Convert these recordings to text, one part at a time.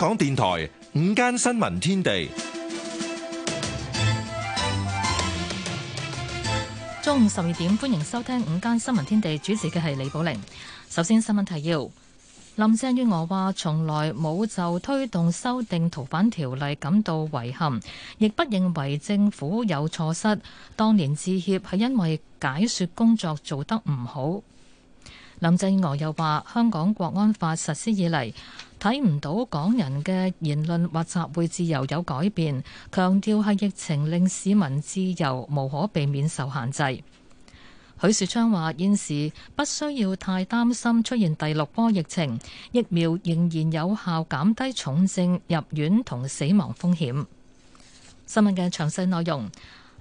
香港電台午間新聞天地，中午十二點。歡迎收聽午間新聞天地，主持嘅係李寶玲。首先新聞提要，林鄭月娥話從來冇就推動修訂逃犯條例感到遺憾，亦不認為政府有錯失。當年致歉係因為解說工作做得唔好。林鄭月娥又話：香港國安法實施以嚟，睇唔到港人嘅言論或集會自由有改變。強調係疫情令市民自由無可避免受限制。許樹昌話：現時不需要太擔心出現第六波疫情，疫苗仍然有效減低重症入院同死亡風險。新聞嘅詳細內容。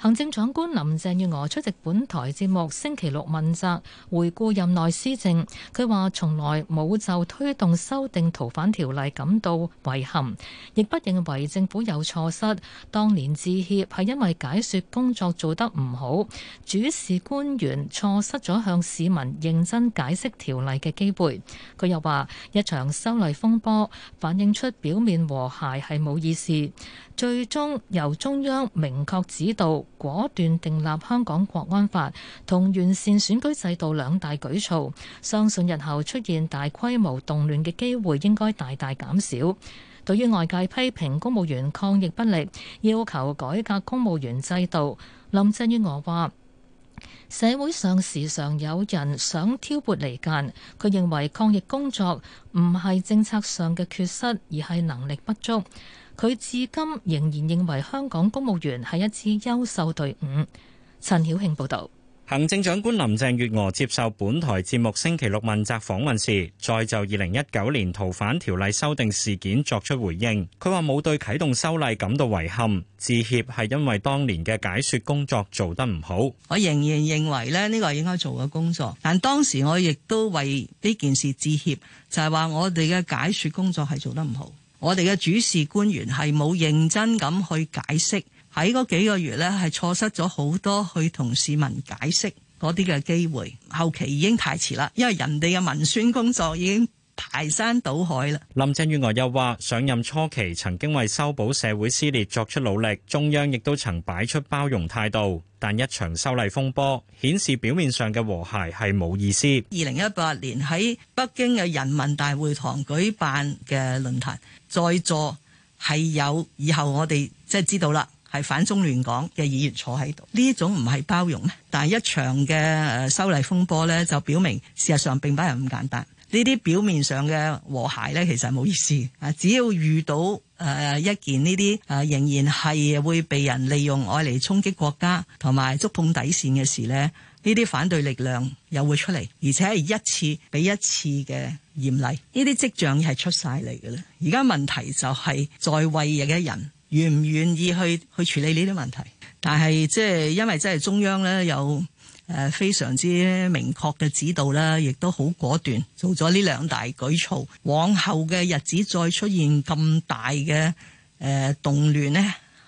行政長官林鄭月娥出席本台節目《星期六問責》，回顧任內施政。佢話：從來冇就推動修訂逃犯條例感到遺憾，亦不認為政府有錯失。當年致歉係因為解說工作做得唔好，主事官員錯失咗向市民認真解釋條例嘅機會。佢又話：一場修例風波反映出表面和諧係冇意思。最終由中央明確指導，果斷訂立香港國安法同完善選舉制度兩大舉措，相信日後出現大規模動亂嘅機會應該大大減少。對於外界批評公務員抗疫不力，要求改革公務員制度，林鄭月娥話：社會上時常有人想挑撥離間，佢認為抗疫工作唔係政策上嘅缺失，而係能力不足。佢至今仍然認為香港公務員係一支優秀隊伍。陳曉慶報導，行政長官林鄭月娥接受本台節目星期六問責訪問時，再就二零一九年逃犯條例修訂事件作出回應。佢話冇對啟動修例感到遺憾，致歉係因為當年嘅解説工作做得唔好。我仍然認為咧，呢個應該做嘅工作，但當時我亦都為呢件事致歉，就係話我哋嘅解説工作係做得唔好。我哋嘅主事官員係冇認真咁去解釋，喺嗰幾個月呢係錯失咗好多去同市民解釋嗰啲嘅機會，後期已經太遲啦，因為人哋嘅文宣工作已經。排山倒海啦！林鄭月娥又話：上任初期曾經為修補社會撕裂作出努力，中央亦都曾擺出包容態度。但一場修例風波顯示表面上嘅和諧係冇意思。二零一八年喺北京嘅人民大會堂舉辦嘅論壇，在座係有以後我哋即係知道啦，係反中亂港嘅議員坐喺度。呢種唔係包容，但係一場嘅修例風波呢，就表明事實上並唔係咁簡單。呢啲表面上嘅和諧咧，其實冇意思。只要遇到誒、呃、一件呢啲誒，仍然係會被人利用愛嚟衝擊國家同埋觸碰底線嘅事咧，呢啲反對力量又會出嚟，而且係一次比一次嘅嚴厲。呢啲跡象係出晒嚟嘅啦。而家問題就係在位嘅人願唔願意去去處理呢啲問題。但係即係因為即係中央咧有。誒非常之明確嘅指導啦，亦都好果斷，做咗呢兩大舉措。往後嘅日子再出現咁大嘅誒動亂呢，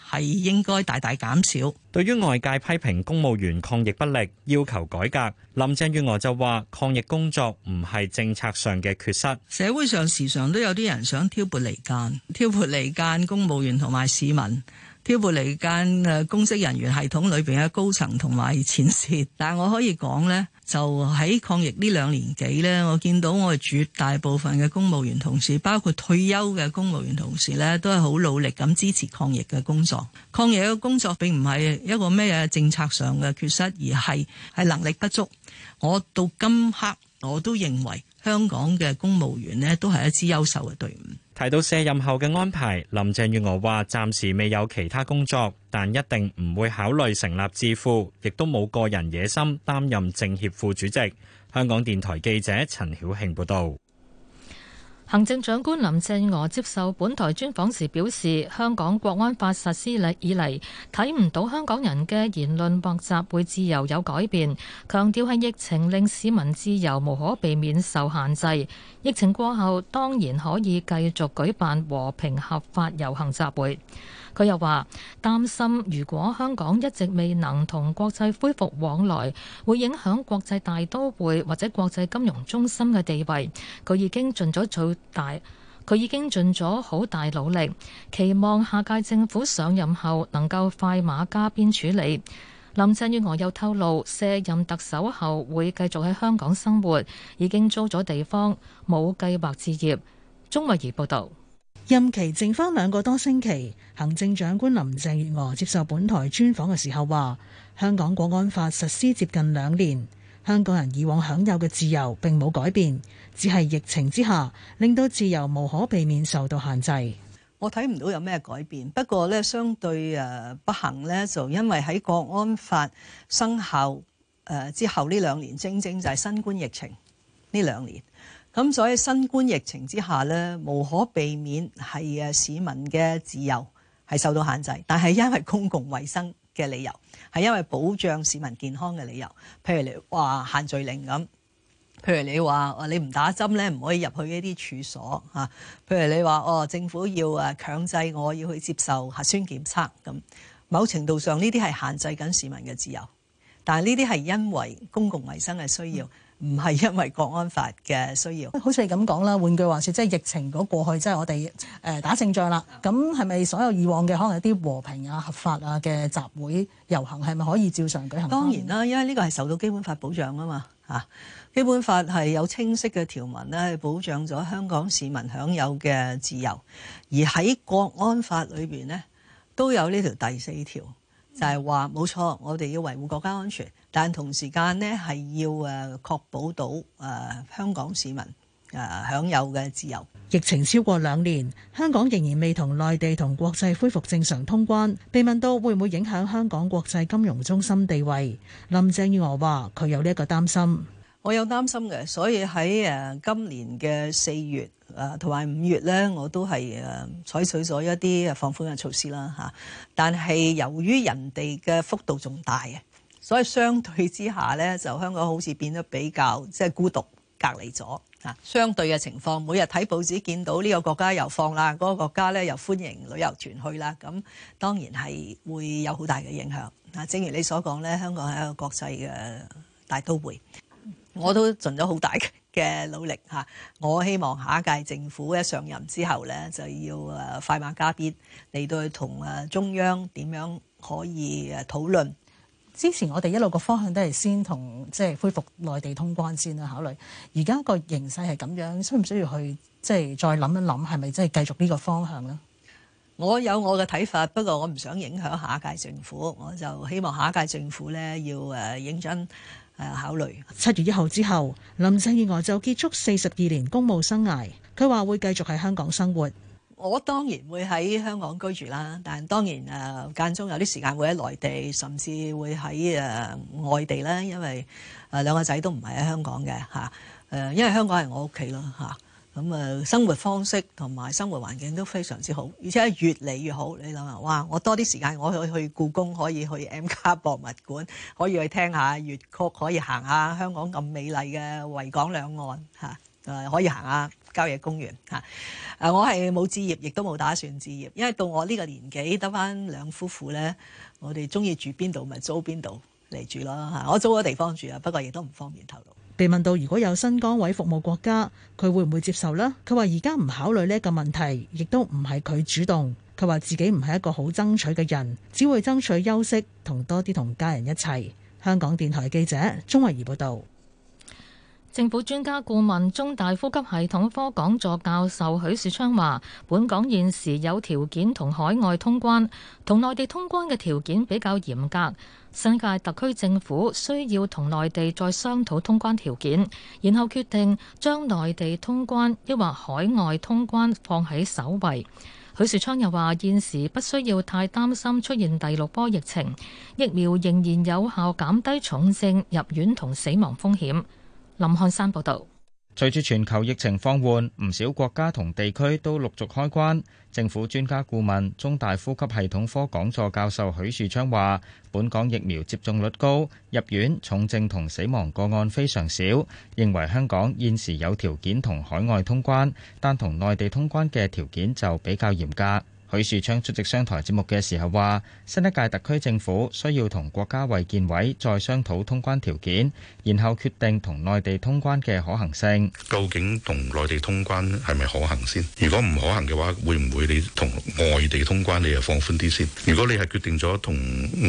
係應該大大減少。對於外界批評公務員抗疫不力，要求改革，林鄭月娥就話：抗疫工作唔係政策上嘅缺失，社會上時常都有啲人想挑撥離間，挑撥離間公務員同埋市民。挑撥離間誒公職人員系統裏邊嘅高層同埋前線，但係我可以講呢，就喺抗疫呢兩年幾呢，我見到我哋絕大部分嘅公務員同事，包括退休嘅公務員同事呢都係好努力咁支持抗疫嘅工作。抗疫嘅工作並唔係一個咩政策上嘅缺失，而係係能力不足。我到今刻我都認為香港嘅公務員呢都係一支優秀嘅隊伍。提到卸任後嘅安排，林鄭月娥話：暫時未有其他工作，但一定唔會考慮成立智庫，亦都冇個人野心擔任政協副主席。香港電台記者陳曉慶報導。行政長官林鄭月娥接受本台專訪時表示，香港國安法實施以嚟，睇唔到香港人嘅言論或集會自由有改變。強調係疫情令市民自由無可避免受限制，疫情過後當然可以繼續舉辦和平合法遊行集會。佢又話擔心，如果香港一直未能同國際恢復往來，會影響國際大都會或者國際金融中心嘅地位。佢已經盡咗最大，佢已經盡咗好大努力，期望下屆政府上任後能夠快馬加鞭處理。林鄭月娥又透露，卸任特首後會繼續喺香港生活，已經租咗地方，冇計劃置業。鍾慧儀報道。任期剩翻兩個多星期，行政長官林鄭月娥接受本台專訪嘅時候話：香港《國安法》實施接近兩年，香港人以往享有嘅自由並冇改變，只係疫情之下令到自由無可避免受到限制。我睇唔到有咩改變，不過呢，相對誒不幸呢，就因為喺《國安法》生效誒之後呢兩年，正正就係新冠疫情呢兩年。咁所以新冠疫情之下咧，無可避免係誒市民嘅自由係受到限制。但係因為公共衛生嘅理由，係因為保障市民健康嘅理由，譬如你話限聚令咁，譬如你話你唔打針咧，唔可以入去一啲處所嚇啊。譬如你話哦，政府要誒強制我要去接受核酸檢測，咁，某程度上呢啲係限制緊市民嘅自由。但係呢啲係因為公共衛生嘅需要。唔係因為國安法嘅需要，好似你咁講啦。換句話説，即係疫情嗰過去，即係我哋誒打勝仗啦。咁係咪所有以往嘅可能一啲和平啊、合法啊嘅集會遊行係咪可以照常舉行？當然啦，因為呢個係受到基本法保障啊嘛。嚇、啊，基本法係有清晰嘅條文咧，係保障咗香港市民享有嘅自由。而喺國安法裏邊呢，都有呢條第四條。就係話冇錯，我哋要維護國家安全，但同時間呢係要誒確保到誒、呃、香港市民誒、呃、享有嘅自由。疫情超過兩年，香港仍然未同內地同國際恢復正常通關。被問到會唔會影響香港國際金融中心地位，林鄭月娥話佢有呢一個擔心。我有擔心嘅，所以喺誒今年嘅四月啊，同埋五月咧，我都係誒採取咗一啲誒放寬嘅措施啦嚇。但係由於人哋嘅幅度仲大嘅，所以相對之下咧，就香港好似變得比較即係孤獨隔離咗啊。相對嘅情況，每日睇報紙見到呢個國家又放啦，嗰個國家咧又歡迎旅遊團去啦，咁當然係會有好大嘅影響啊。正如你所講咧，香港係一個國際嘅大都會。我都盡咗好大嘅努力嚇，我希望下一屆政府一上任之後咧，就要誒快馬加鞭嚟到去同誒中央點樣可以誒討論。之前我哋一路個方向都係先同即係恢復內地通關先啦，考慮而家個形勢係咁樣，需唔需要去即係、就是、再諗一諗，係咪即係繼續呢個方向呢？我有我嘅睇法，不過我唔想影響下一屆政府，我就希望下一屆政府咧要誒認真考慮七月一號之後，林鄭月娥就結束四十二年公務生涯。佢話會繼續喺香港生活。我當然會喺香港居住啦，但當然誒間中有啲時間會喺內地，甚至會喺誒外地啦，因為誒兩個仔都唔係喺香港嘅，吓，誒因為香港係我屋企咯吓。咁啊，生活方式同埋生活環境都非常之好，而且越嚟越好。你諗下，哇！我多啲時間，我可以去故宮，可以去 M 加博物館，可以去聽下粵曲，可以行下香港咁美麗嘅維港兩岸，嚇！誒，可以行下郊野公園，嚇！誒，我係冇置業，亦都冇打算置業，因為到我呢個年紀，得返兩夫婦咧，我哋中意住邊度咪租邊度嚟住咯嚇、啊。我租個地方住啊，不過亦都唔方便透露。被問到如果有新崗位服務國家，佢會唔會接受呢？佢話：而家唔考慮呢一個問題，亦都唔係佢主動。佢話自己唔係一個好爭取嘅人，只會爭取休息同多啲同家人一齊。香港電台記者鍾慧儀報道。政府專家顧問、中大呼吸系統科講座教授許樹昌話：本港現時有條件同海外通關，同內地通關嘅條件比較嚴格。新界特區政府需要同內地再商討通關條件，然後決定將內地通關抑或海外通關放喺首位。許樹昌又話：現時不需要太擔心出現第六波疫情，疫苗仍然有效減低重症入院同死亡風險。林漢山報道，隨住全球疫情放緩，唔少國家同地區都陸續開關。政府專家顧問、中大呼吸系統科講座教授許樹昌話，本港疫苗接種率高，入院重症同死亡個案非常少，認為香港現時有條件同海外通關，但同內地通關嘅條件就比較嚴格。許樹昌出席商台節目嘅時候話，新一屆特區政府需要同國家衛健委再商討通關條件，然後決定同內地通關嘅可行性。究竟同內地通關係咪可行先？如果唔可行嘅話，會唔會你同外地通關你又放寬啲先？如果你係決定咗同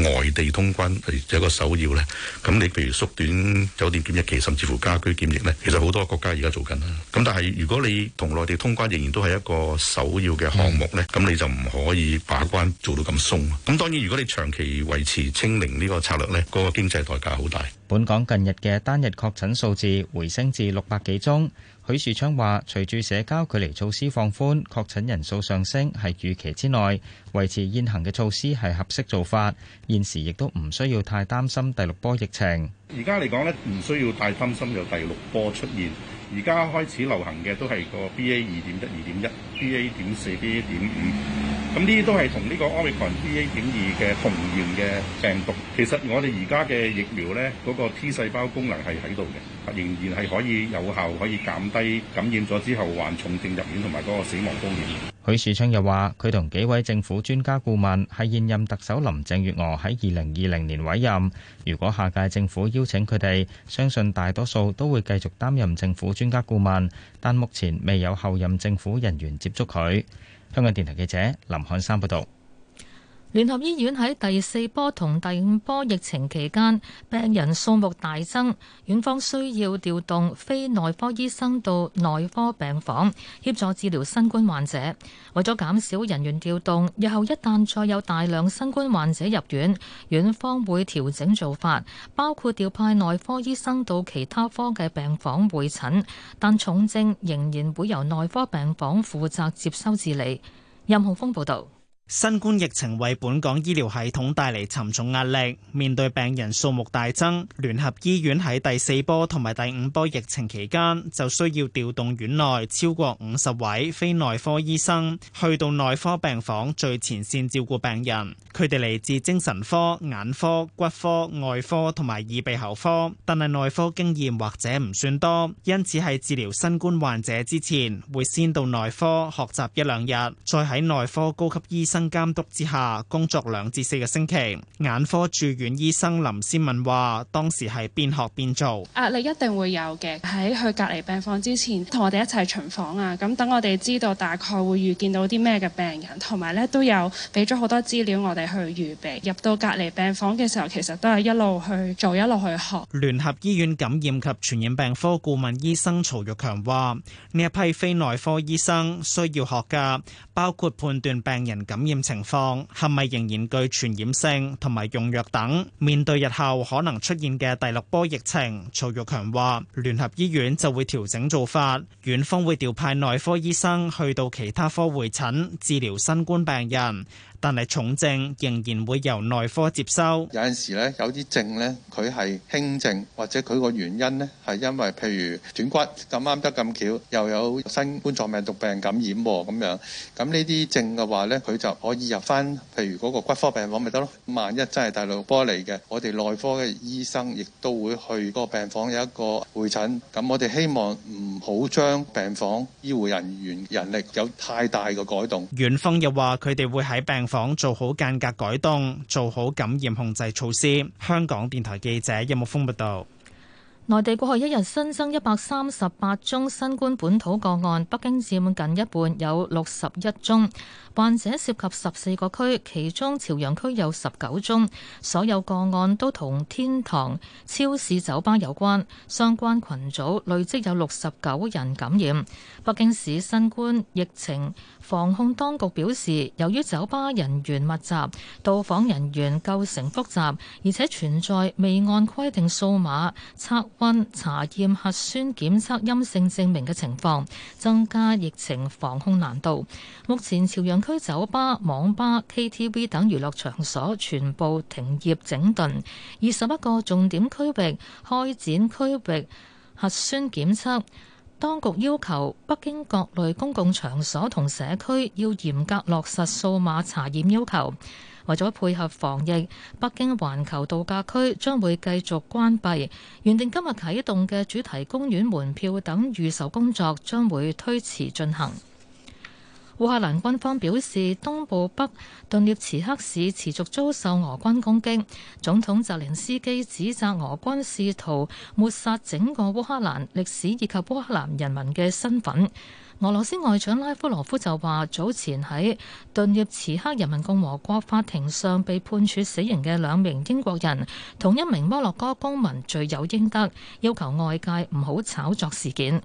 外地通關係一個首要呢，咁你譬如縮短酒店檢疫期，甚至乎家居檢疫呢，其實好多國家而家做緊啦。咁但係如果你同內地通關仍然都係一個首要嘅項目呢，咁你就，唔可以把關做到咁鬆。咁當然，如果你長期維持清零呢個策略呢，嗰個經濟代價好大。本港近日嘅單日確診數字回升至六百幾宗。許樹昌話：隨住社交距離措施放寬，確診人數上升係預期之內。維持現行嘅措施係合適做法。現時亦都唔需要太擔心第六波疫情。而家嚟講呢，唔需要太擔心有第六波出現。而家開始流行嘅都係個 BA 二點一二點一、BA 點四、BA 點五，咁呢啲都係同呢個奧密克戎 BA 點二嘅同源嘅病毒。其實我哋而家嘅疫苗咧，嗰個 T 細胞功能係喺度嘅，仍然係可以有效可以減低感染咗之後患重症入院同埋嗰個死亡風險。許樹昌又話：佢同幾位政府專家顧問係現任特首林鄭月娥喺二零二零年委任，如果下屆政府邀請佢哋，相信大多數都會繼續擔任政府專家顧問，但目前未有後任政府人員接觸佢。香港電台記者林漢山報道。聯合醫院喺第四波同第五波疫情期間，病人數目大增，院方需要調動非內科醫生到內科病房協助治療新冠患者。為咗減少人員調動，日後一旦再有大量新冠患者入院，院方會調整做法，包括調派內科醫生到其他科嘅病房會診，但重症仍然會由內科病房負責接收治理。任浩峰報導。新冠疫情為本港醫療系統帶嚟沉重壓力，面對病人數目大增，聯合醫院喺第四波同埋第五波疫情期間就需要調動院內超過五十位非內科醫生去到內科病房最前線照顧病人。佢哋嚟自精神科、眼科、骨科、外科同埋耳鼻喉科，但係內科經驗或者唔算多，因此喺治療新冠患者之前會先到內科學習一兩日，再喺內科高級醫生。監督之下工作兩至四個星期。眼科住院醫生林思敏話：，當時係邊學邊做，壓力一定會有嘅。喺去隔離病房之前，同我哋一齊巡房啊，咁、嗯、等我哋知道大概會遇見到啲咩嘅病人，同埋咧都有俾咗好多資料我哋去預備。入到隔離病房嘅時候，其實都係一路去做，一路去學。聯合醫院感染及傳染病科顧問醫生曹玉強話：，呢一批非內科醫生需要學㗎，包括判斷病人感染。情況係咪仍然具傳染性，同埋用藥等。面對日後可能出現嘅第六波疫情，曹玉強話聯合醫院就會調整做法，院方會調派內科醫生去到其他科會診治療新冠病人。但係重症仍然會由內科接收。有陣時咧，有啲症咧，佢係輕症，或者佢個原因咧，係因為譬如斷骨咁啱得咁巧，又有新冠狀病毒病感染咁樣。咁呢啲症嘅話咧，佢就可以入翻譬如嗰個骨科病房咪得咯。萬一真係大陸波嚟嘅，我哋內科嘅醫生亦都會去嗰個病房有一個會診。咁我哋希望唔好將病房醫護人員人力有太大嘅改動。院方又話佢哋會喺病。房做好間隔改動，做好感染控制措施。香港電台記者任木峯報道。內地過去一日新增一百三十八宗新冠本土個案，北京佔近一半有，有六十一宗患者涉及十四個區，其中朝陽區有十九宗。所有個案都同天堂超市酒吧有關，相關群組累積有六十九人感染。北京市新冠疫情防控當局表示，由於酒吧人員密集、到訪人員構成複雜，而且存在未按規定掃碼測。查驗核酸檢測陰性證明嘅情況，增加疫情防控難度。目前朝陽區酒吧、網吧、KTV 等娛樂場所全部停業整頓，二十一個重點區域開展區域核酸檢測。當局要求北京各類公共場所同社區要嚴格落實掃碼查驗要求。為咗配合防疫，北京環球度假區將會繼續關閉，原定今日啟動嘅主題公園門票等預售工作將會推遲進行。烏克蘭軍方表示，東部北頓涅茨克市持續遭受俄軍攻擊。總統澤連斯基指責俄軍試圖抹殺整個烏克蘭歷史以及烏克蘭人民嘅身份。俄羅斯外長拉夫羅夫就話，早前喺頓涅茨克人民共和國法庭上被判處死刑嘅兩名英國人，同一名摩洛哥公民罪有應得，要求外界唔好炒作事件。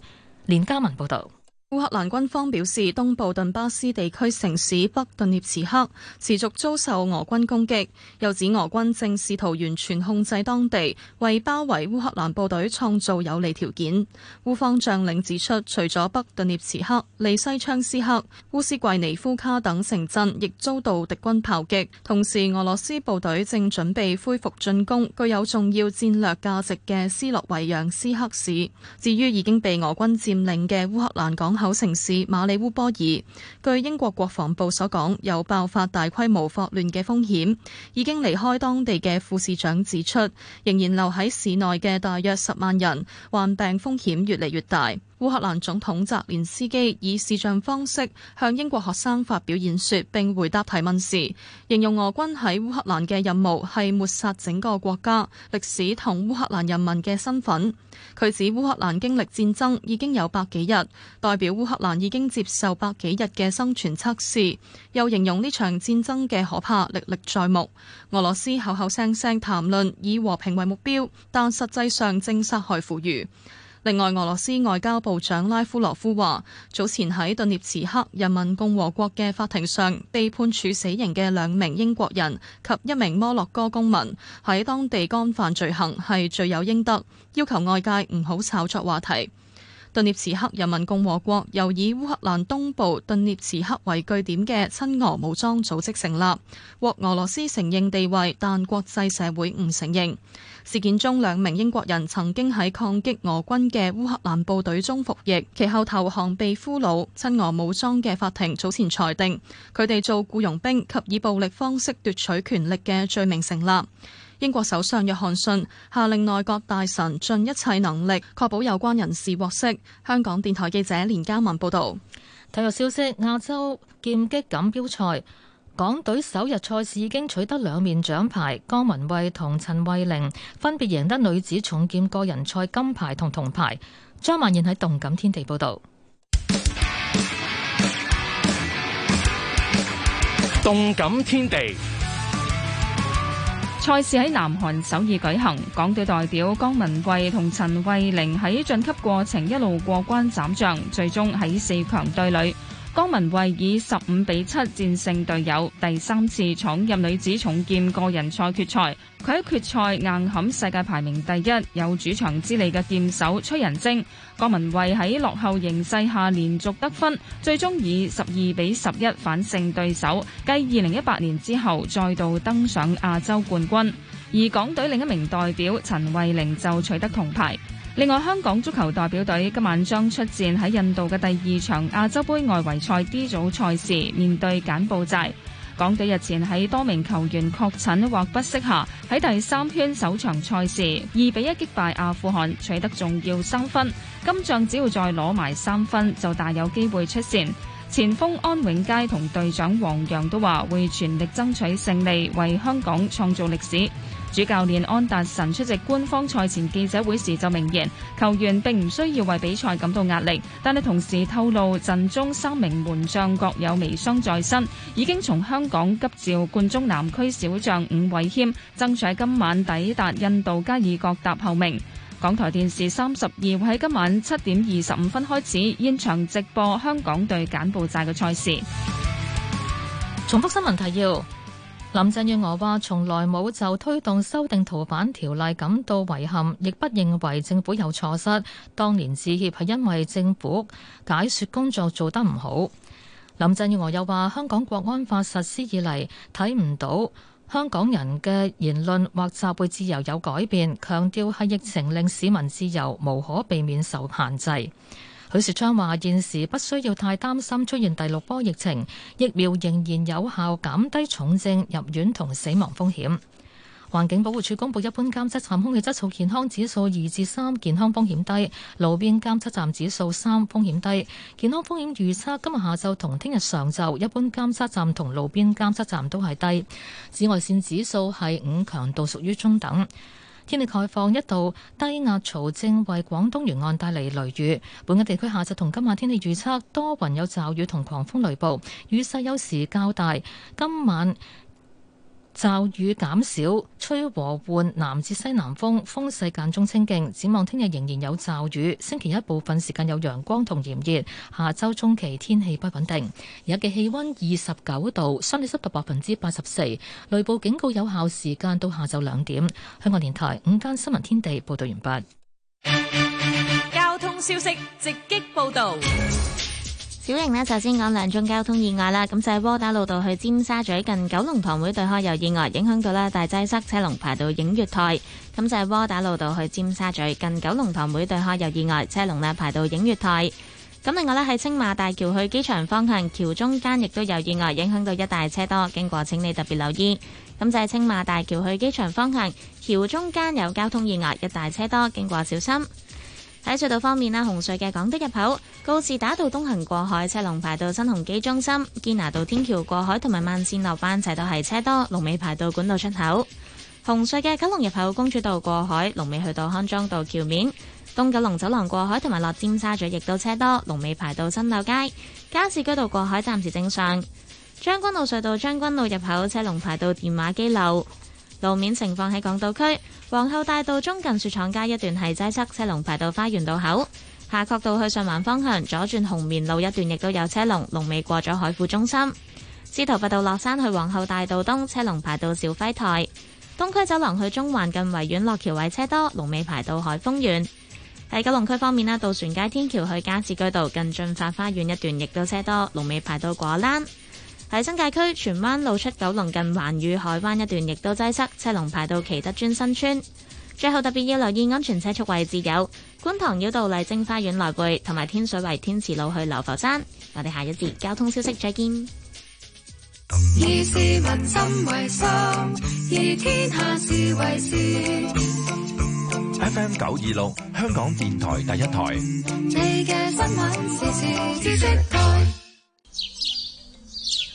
連加文報道。烏克蘭軍方表示，東部頓巴斯地區城市北頓涅茨克持續遭受俄軍攻擊，又指俄軍正試圖完全控制當地，為包圍烏克蘭部隊創造有利條件。烏方將領指出，除咗北頓涅茨克、利西昌斯克、烏斯季尼夫卡等城鎮，亦遭到敵軍炮擊。同時，俄羅斯部隊正準備恢復進攻具有重要戰略價值嘅斯洛維揚斯克市。至於已經被俄軍佔領嘅烏克蘭港，口城市馬里烏波爾，據英國國防部所講，有爆發大規模霍亂嘅風險。已經離開當地嘅副市長指出，仍然留喺市內嘅大約十萬人，患病風險越嚟越大。烏克蘭總統澤連斯基以視像方式向英國學生發表演說，並回答提問時，形容俄軍喺烏克蘭嘅任務係抹殺整個國家，歷史同烏克蘭人民嘅身份。佢指烏克蘭經歷戰爭已經有百幾日，代表烏克蘭已經接受百幾日嘅生存測試，又形容呢場戰爭嘅可怕歷歷在目。俄羅斯口口聲聲談論以和平為目標，但實際上正殺害俘虜。另外，俄羅斯外交部長拉夫羅夫話：早前喺頓涅茨克人民共和國嘅法庭上，被判處死刑嘅兩名英國人及一名摩洛哥公民喺當地干犯罪行係罪有應得，要求外界唔好炒作話題。頓涅茨克人民共和國又以烏克蘭東部頓涅茨克為據點嘅親俄武裝組織成立，獲俄羅斯承認地位，但國際社會唔承認。事件中，兩名英國人曾經喺抗擊俄軍嘅烏克蘭部隊中服役，其後投降被俘虜。親俄武裝嘅法庭早前裁定，佢哋做僱傭兵及以暴力方式奪取權力嘅罪名成立。英國首相約翰遜下令內閣大臣盡一切能力確保有關人士獲釋。香港電台記者連家文報道。體育消息：亞洲劍擊錦標賽。港隊首日賽事已經取得兩面獎牌，江文蔚同陳慧玲分別贏得女子重劍個人賽金牌同銅牌。張曼燕喺動感天地報道。動感天地賽事喺南韓首爾舉行，港隊代表江文蔚同陳慧玲喺晉級過程一路過關斬將，最終喺四強對壘。江文蔚以十五比七戰勝隊友，第三次闖入女子重劍個人賽決賽。佢喺決賽硬撼世界排名第一、有主場之利嘅劍手崔仁晶。江文蔚喺落後形勢下連續得分，最終以十二比十一反勝對手，繼二零一八年之後再度登上亞洲冠軍。而港隊另一名代表陳慧玲就取得銅牌。另外，香港足球代表隊今晚將出戰喺印度嘅第二場亞洲盃外圍賽 D 組賽事，面對柬埔寨。港隊日前喺多名球員確診或不適下，喺第三圈首場賽事二比一擊敗阿富汗，取得重要三分。今仗只要再攞埋三分，就大有機會出線。前鋒安永佳同隊長黃洋都話會全力爭取勝利，為香港創造歷史。主教練安達臣出席官方賽前記者會時就明言，球員並唔需要為比賽感到壓力，但係同時透露陣中三名門將各有微傷在身，已經從香港急召冠忠南區小將伍偉謙，爭取喺今晚抵達印度加爾各答候命。港台電視三十二會喺今晚七點二十五分開始現場直播香港對柬埔寨嘅賽事。重複新聞提要：林鄭月娥話從來冇就推動修訂逃犯條例感到遺憾，亦不認為政府有錯失。當年致歉係因為政府解說工作做得唔好。林鄭月娥又話香港國安法實施以嚟睇唔到。香港人嘅言論或集會自由有改變，強調係疫情令市民自由無可避免受限制。許樹昌話：現時不需要太擔心出現第六波疫情，疫苗仍然有效，減低重症入院同死亡風險。環境保護署公布一般監測站空氣質素健康指數二至三，健康風險低；路邊監測站指數三，風險低。健康風險預測今日下晝同聽日上晝，一般監測站同路邊監測站都係低。紫外線指數係五，強度屬於中等。天氣概況一度低壓槽正為廣東沿岸帶嚟雷雨，本港地區下晝同今晚天氣預測多雲有驟雨同狂風雷暴，雨勢有時較大。今晚驟雨減少，吹和緩南至西南風，風勢間中清勁。展望聽日仍然有驟雨，星期一部分時間有陽光同炎熱。下周中期天氣不穩定，而家嘅氣溫二十九度，相對濕度百分之八十四，雷暴警告有效時間到下晝兩點。香港電台午間新聞天地報道完畢。交通消息直擊報道。小玲呢，首先講兩宗交通意外啦。咁就係窩打老道去尖沙咀近九龍塘會對開有意外，影響到啦大擠塞，車龍排到映月台。咁就係窩打老道去尖沙咀近九龍塘會對開有意外，車龍呢排到映月台。咁另外呢，喺青馬大橋去機場方向，橋中間亦都有意外，影響到一大車多，經過請你特別留意。咁就係青馬大橋去機場方向，橋中間有交通意外，一大車多，經過小心。喺隧道方面啊，紅隧嘅港島入口告士打道東行過海，車龍排到新鴻基中心；堅拿道天橋過海同埋慢線落班，齊都係車多，龍尾排到管道出口。紅隧嘅九龍入口公主道過海，龍尾去到康莊道橋面；東九龍走廊過海同埋落尖沙咀，亦都車多，龍尾排到新樓街。加士居道過海暫時正常。將軍澳隧道將軍澳入口車龍排到電話機樓。路面情況，喺港島區皇后大道中近雪廠街一段係擠塞，車龍排到花園道口；夏慤道去上環方向左轉紅棉路一段亦都有車龍，龍尾過咗海富中心；司徒拔道落山去皇后大道東，車龍排到肇輝台；東區走廊去中環近維園落橋位車多，龍尾排到海峰園。喺九龍區方面啦，渡船街天橋去加士居道近駿發花園一段亦都車多，龍尾排到果欄。喺新界區，荃灣路出九龍近環宇海灣一段亦都擠塞，車龍排到奇德邨新村。最後特別要留意安全車速位置，有觀塘繞道麗晶花園來回同埋天水圍天慈路去流浮山。我哋下一節交通消息再見。以市民心為心，以天下事為事。FM 九二六，26，香港電台第一台。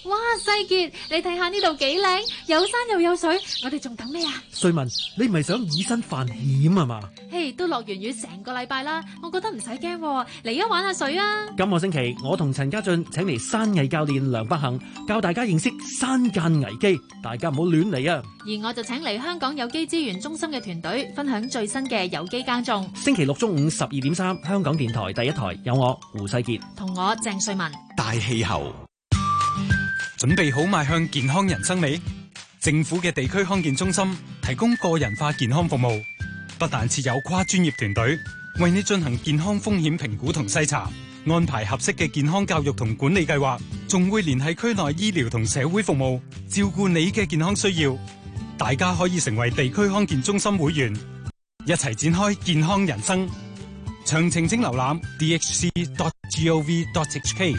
哇，世杰，你睇下呢度幾靚，有山又有水，我哋仲等咩啊？瑞文，你唔係想以身犯險係嘛？嘿，都落完雨成個禮拜啦，我覺得唔使驚，嚟吖玩下水啊！今個星期我同陳家俊請嚟山藝教練梁北恒教大家認識山間危機，大家唔好亂嚟啊！而我就請嚟香港有機資源中心嘅團隊分享最新嘅有機耕種。星期六中午十二點三，香港電台第一台有我胡世杰，同我鄭瑞文，大氣候。準備好邁向健康人生未？政府嘅地區康健中心提供個人化健康服務，不但設有跨專業團隊為你進行健康風險評估同篩查，安排合適嘅健康教育同管理計劃，仲會聯繫區內醫療同社會服務照顧你嘅健康需要。大家可以成為地區康健中心會員，一齊展開健康人生。詳情請瀏覽 dhc.gov.hk。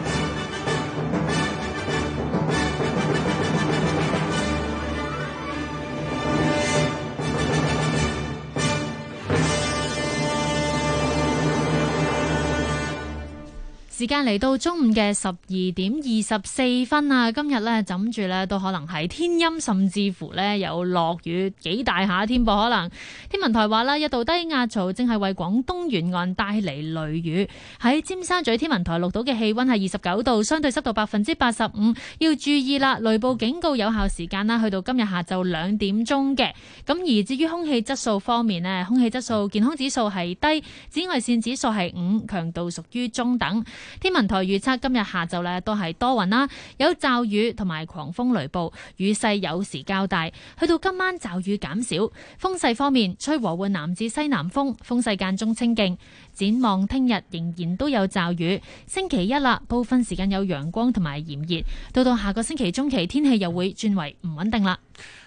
時間嚟到中午嘅十二點二十四分啊！今日咧，諗住咧都可能係天陰，甚至乎咧有落雨，幾大下添噃。可能天文台話啦，一度低壓槽正係為廣東沿岸帶嚟雷雨。喺尖沙咀天文台錄到嘅氣溫係二十九度，相對濕度百分之八十五。要注意啦，雷暴警告有效時間啦，去到今日下晝兩點鐘嘅。咁而至於空氣質素方面呢，空氣質素健康指數係低，紫外線指數係五，強度屬於中等。天文台預測今日下晝咧都係多雲啦，有驟雨同埋狂風雷暴，雨勢有時較大。去到今晚驟雨減少，風勢方面吹和緩南至西南風，風勢間中清勁。展望聽日仍然都有驟雨，星期一啦，部分時間有陽光同埋炎熱，到到下個星期中期天氣又會轉為唔穩定啦。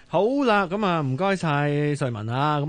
好啦，咁啊唔該晒瑞文啊，啊。